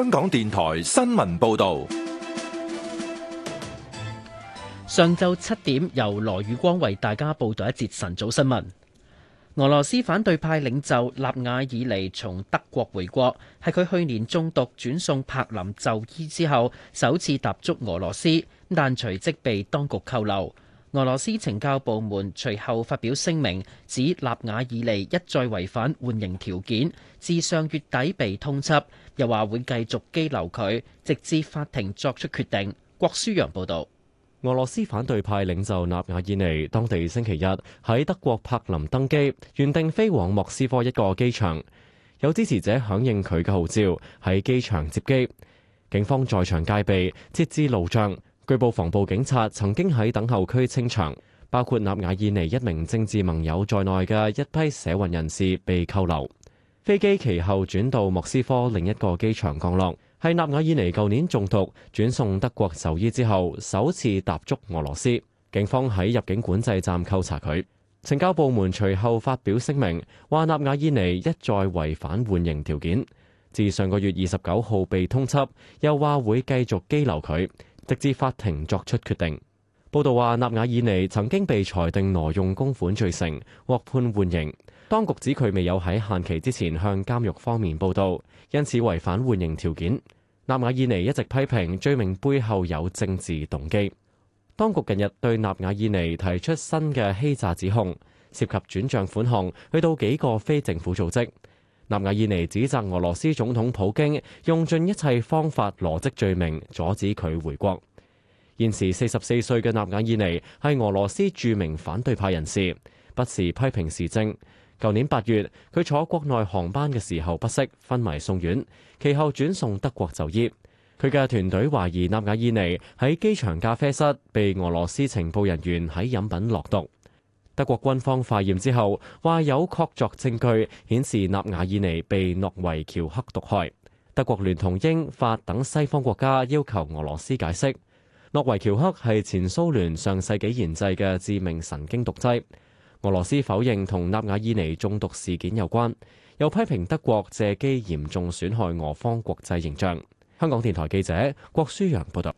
香港電台新聞報道，上晝七點由羅宇光為大家報道一節晨早新聞。俄羅斯反對派領袖納瓦爾尼從德國回國，係佢去年中毒轉送柏林就醫之後首次踏足俄羅斯，但隨即被當局扣留。俄羅斯懲教部門隨後發表聲明，指納瓦爾尼一再違反緩刑條件，自上月底被通緝。又話會繼續羈留佢，直至法庭作出決定。郭舒揚報導。俄羅斯反對派領袖納瓦爾尼當地星期日喺德國柏林登機，原定飛往莫斯科一個機場。有支持者響應佢嘅號召喺機場接機，警方在場戒備，設置路障。據報防暴警察曾經喺等候區清場，包括納瓦爾尼一名政治盟友在內嘅一批社運人士被扣留。飛機其後轉到莫斯科另一個機場降落，係納瓦爾尼舊年中毒轉送德國就醫之後，首次踏足俄羅斯。警方喺入境管制站扣查佢。懲教部門隨後發表聲明，話納瓦爾尼一再違反緩刑條件，自上個月二十九號被通緝，又話會繼續羈留佢，直至法庭作出決定。報道話，納瓦爾尼曾經被裁定挪用公款罪成，獲判緩刑。當局指佢未有喺限期之前向監獄方面報道，因此違反緩刑條件。納瓦爾尼一直批評罪名背後有政治動機。當局近日對納瓦爾尼提出新嘅欺詐指控，涉及轉賬款項去到幾個非政府組織。納瓦爾尼指責俄羅斯總統普京用盡一切方法羅織罪罪名，阻止佢回國。現時四十四歲嘅納瓦爾尼係俄羅斯著名反對派人士，不時批評時政。舊年八月，佢坐國內航班嘅時候不適昏迷送院，其後轉送德國就醫。佢嘅團隊懷疑納瓦爾尼喺機場咖啡室被俄羅斯情報人員喺飲品落毒。德國軍方化驗之後話有確鑿證據顯示納瓦爾尼被諾維喬克毒害。德國聯同英法等西方國家要求俄羅斯解釋。諾維喬克係前蘇聯上世紀研製嘅致命神經毒劑，俄羅斯否認同納瓦爾尼中毒事件有關，又批評德國借機嚴重損害俄方國際形象。香港電台記者郭舒揚報道。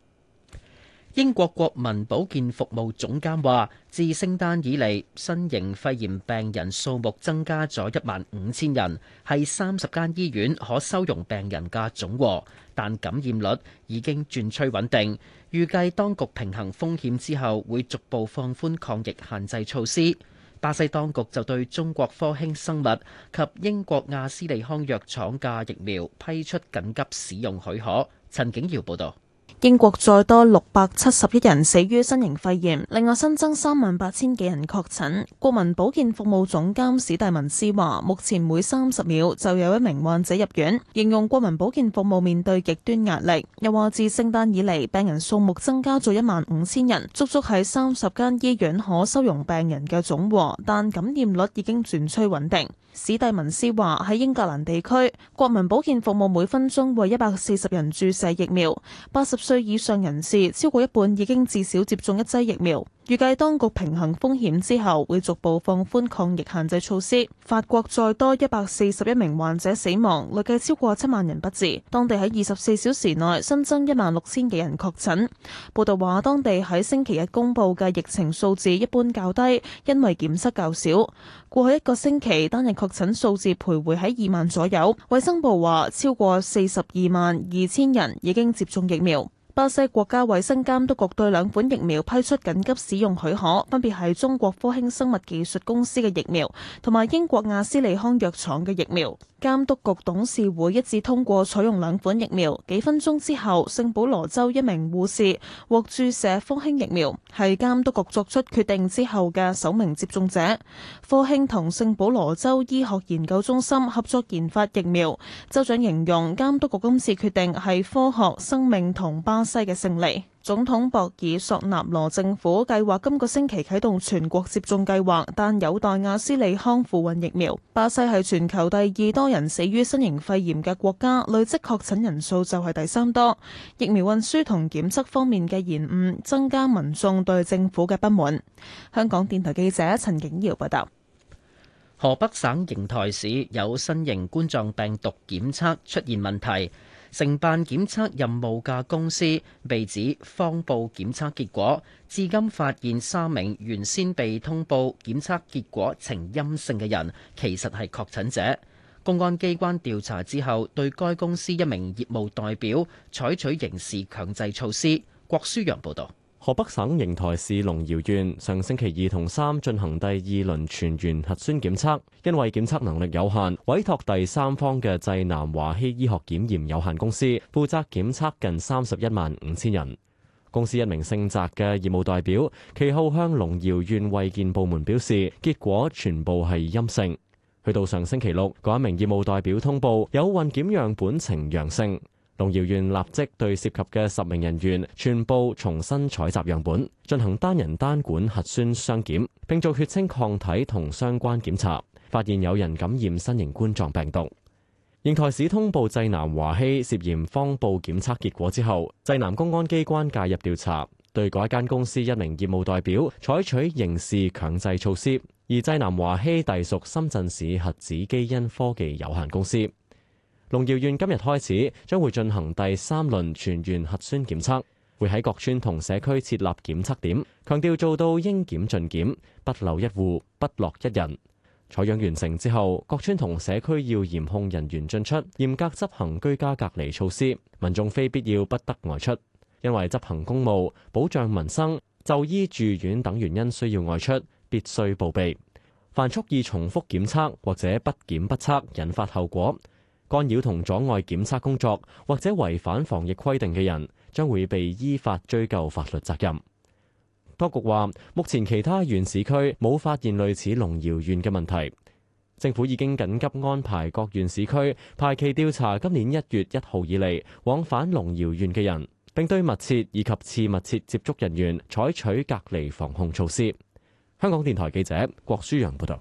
英國國民保健服務總監話：自聖誕以嚟，新型肺炎病人數目增加咗一萬五千人，係三十間醫院可收容病人嘅總和，但感染率已經轉趨穩定。預計當局平衡風險之後，會逐步放寬抗疫限制措施。巴西當局就對中國科興生物及英國亞斯利康藥廠嘅疫苗批出緊急使用許可。陳景耀報導。英國再多六百七十一人死於新型肺炎，另外新增三萬八千幾人確診。國民保健服務總監史大文斯話，目前每三十秒就有一名患者入院，形容國民保健服務面對極端壓力。又話自聖誕以嚟，病人數目增加咗一萬五千人，足足喺三十間醫院可收容病人嘅總和，但感染率已經轉趨穩定。史蒂文斯話：喺英格蘭地區，國民保健服務每分鐘為一百四十人注射疫苗，八十歲以上人士超過一半已經至少接種一劑疫苗。預計當局平衡風險之後，會逐步放寬抗疫限制措施。法國再多一百四十一名患者死亡，累計超過七萬人不治。當地喺二十四小時內新增一萬六千幾人確診。報導話，當地喺星期日公布嘅疫情數字一般較低，因為檢測較少。過去一個星期，單日確診數字徘徊喺二萬左右。衛生部話，超過四十二萬二千人已經接種疫苗。巴西國家衛生監督局對兩款疫苗批出緊急使用許可，分別係中國科興生物技術公司嘅疫苗同埋英國亞斯利康藥廠嘅疫苗。監督局董事會一致通過採用兩款疫苗。幾分鐘之後，聖保羅州一名護士獲注射科興疫苗，係監督局作出決定之後嘅首名接種者。科興同聖保羅州醫學研究中心合作研發疫苗。州長形容監督局今次決定係科學、生命同巴西嘅勝利。總統博爾索納羅政府計劃今個星期啟動全國接種計劃，但有待阿斯利康付運疫苗。巴西係全球第二多人死於新型肺炎嘅國家，累積確診人數就係第三多。疫苗運輸同檢測方面嘅延誤，增加民眾對政府嘅不滿。香港電台記者陳景堯報道，河北省邢台市有新型冠狀病毒檢測出現問題。承辦檢測任務嘅公司被指謊報檢測結果，至今發現三名原先被通報檢測結果呈陰性嘅人，其實係確診者。公安機關調查之後，對該公司一名業務代表採取刑事強制措施。郭舒洋報道。河北省邢台市隆堯縣上星期二同三進行第二輪全員核酸檢測，因為檢測能力有限，委托第三方嘅濟南華希醫學檢驗有限公司負責檢測近三十一萬五千人。公司一名姓翟嘅業務代表，其後向隆堯縣衛健部門表示，結果全部係陰性。去到上星期六，嗰一名業務代表通報有混檢樣本呈陽性。隆堯縣立即對涉及嘅十名人員全部重新採集樣本，進行單人單管核酸雙檢，並做血清抗體同相關檢查，發現有人感染新型冠狀病毒。邢台市通報濟南華希涉嫌謊報檢測結果之後，濟南公安機關介入調查，對嗰一間公司一名業務代表採取刑事強制措施，而濟南華希隸屬深圳市核子基因科技有限公司。龍橋院今日開始將會進行第三輪全員核酸檢測，會喺各村同社區設立檢測點，強調做到應檢盡檢，不留一戶，不落一人。採樣完成之後，各村同社區要嚴控人員進出，嚴格執行居家隔離措施，民眾非必要不得外出。因為執行公務、保障民生、就醫住院等原因需要外出，必須報備。凡蓄意重複檢測或者不檢不測，引發後果，干擾同阻礙檢測工作或者違反防疫規定嘅人，將會被依法追究法律責任。當局話，目前其他縣市區冇發現類似龍窯縣嘅問題。政府已經緊急安排各縣市區排期調查今年一月一號以嚟往返龍窯縣嘅人，並對密切以及次密切接觸人員採取隔離防控措施。香港電台記者郭舒揚報道。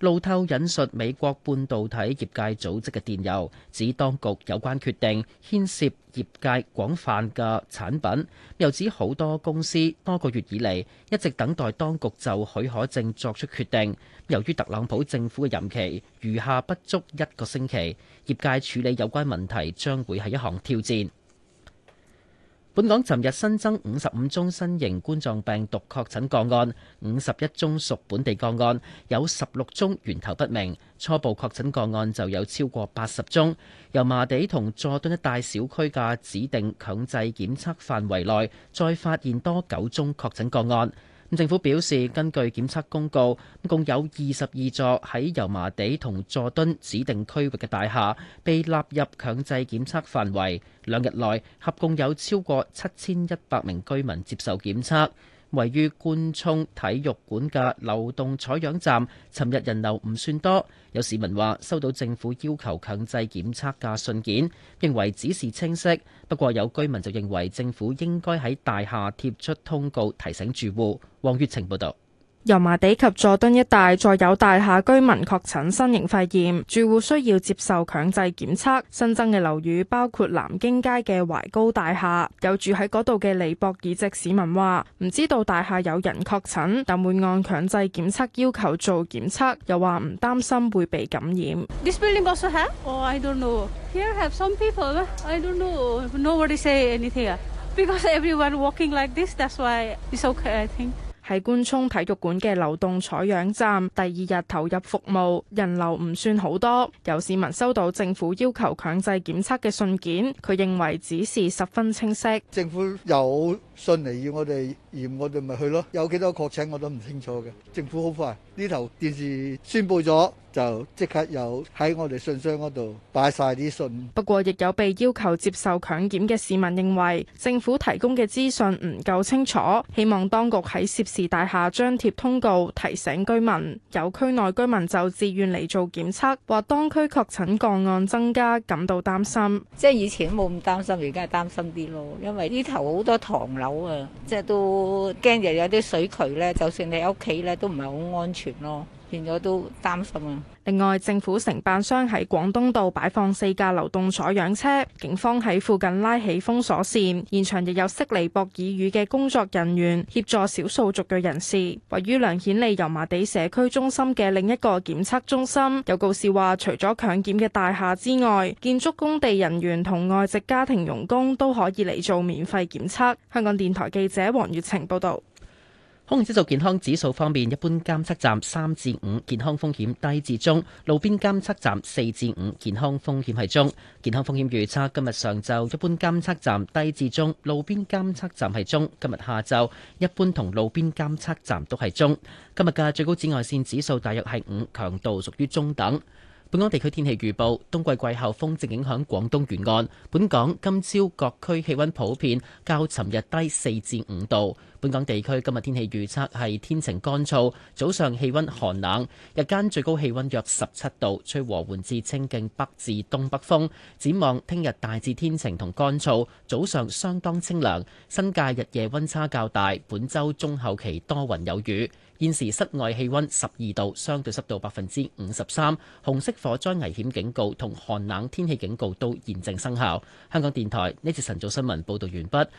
路透引述美國半導體業界組織嘅電郵，指當局有關決定牽涉業界廣泛嘅產品，又指好多公司多個月以嚟一直等待當局就許可證作出決定。由於特朗普政府嘅任期餘下不足一個星期，業界處理有關問題將會係一項挑戰。本港昨日新增五十五宗新型冠狀病毒確診個案，五十一宗屬本地個案，有十六宗源頭不明。初步確診個案就有超過八十宗，油麻地同佐敦一帶小區嘅指定強制檢測範圍內再發現多九宗確診個案。政府表示，根據檢測公告，共有二十二座喺油麻地同佐敦指定區域嘅大廈被納入強制檢測範圍。兩日內，合共有超過七千一百名居民接受檢測。位於官涌體育館嘅流動採樣站，尋日人流唔算多。有市民話收到政府要求強制檢測嘅信件，認為指示清晰。不過有居民就認為政府應該喺大廈貼出通告提醒住戶。黃月晴報道。油麻地及佐敦一帶再有大廈居民確診新型肺炎，住戶需要接受強制檢測。新增嘅樓宇包括南京街嘅懷高大廈，有住喺嗰度嘅尼泊爾籍市民話：「唔知道大廈有人確診，但會按強制檢測要求做檢測，又話唔擔心會被感染。」喺官涌體育館嘅流動採樣站，第二日投入服務，人流唔算好多。有市民收到政府要求強制檢測嘅信件，佢認為指示十分清晰。政府有信嚟要我哋驗，我哋咪去咯。有幾多確診我都唔清楚嘅。政府好快。呢頭電視宣佈咗，就即刻又喺我哋信箱嗰度擺晒啲信。不過亦有被要求接受強檢嘅市民認為政府提供嘅資訊唔夠清楚，希望當局喺涉事大廈張貼通告，提醒居民。有區內居民就自願嚟做檢測，話當區確診個案增加，感到擔心。即係以前冇咁擔心，而家係擔心啲咯，因為呢頭好多唐樓啊，即係都驚又有啲水渠咧，就算你喺屋企咧都唔係好安全。咯，另外，政府承辦商喺廣東道擺放四架流動採樣車，警方喺附近拉起封鎖線，現場亦有尼泊爾語嘅工作人員協助少數族裔人士。位於梁顯利油麻地社區中心嘅另一個檢測中心，有告示話，除咗強檢嘅大廈之外，建築工地人員同外籍家庭傭工都可以嚟做免費檢測。香港電台記者黃月晴報道。空氣質素健康指數方面，一般監測站三至五，健康風險低至中；路邊監測站四至五，健康風險係中。健康風險預測今日上晝一般監測站低至中，路邊監測站係中；今日下晝一般同路邊監測站都係中。今日嘅最高紫外綫指數大約係五，強度屬於中等。本港地區天氣預報：冬季季候風正影響廣東沿岸，本港今朝各區氣溫普遍較尋日低四至五度。本港地區今日天氣預測係天晴乾燥，早上氣温寒冷，日間最高氣温約十七度，吹和緩至清勁北至東北風。展望聽日大致天晴同乾燥，早上相當清涼，新界日夜温差較大。本週中後期多雲有雨。現時室外氣温十二度，相對濕度百分之五十三。紅色火災危險警告同寒冷天氣警告都現正生效。香港電台呢次晨早新聞報導完畢。